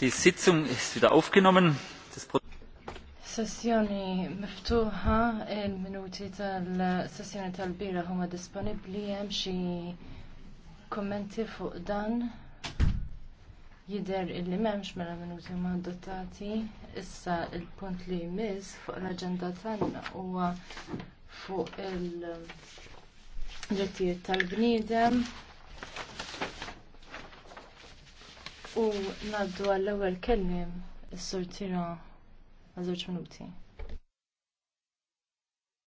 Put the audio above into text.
Die Sitzung ist wieder aufgenommen. Das Sessjoni miftuħa, il-minuti tal-sessjoni tal-bira huma disponibli, hemm xi kommenti fuq dan. Jider illi m'hemmx mela minuti huma dotati. Issa il-punt li jmiss fuq l-aġenda tagħna huwa fuq il- drittijiet tal-bniedem u naddu għall-ewwel kelliem is-sortira għal żewġ minuti.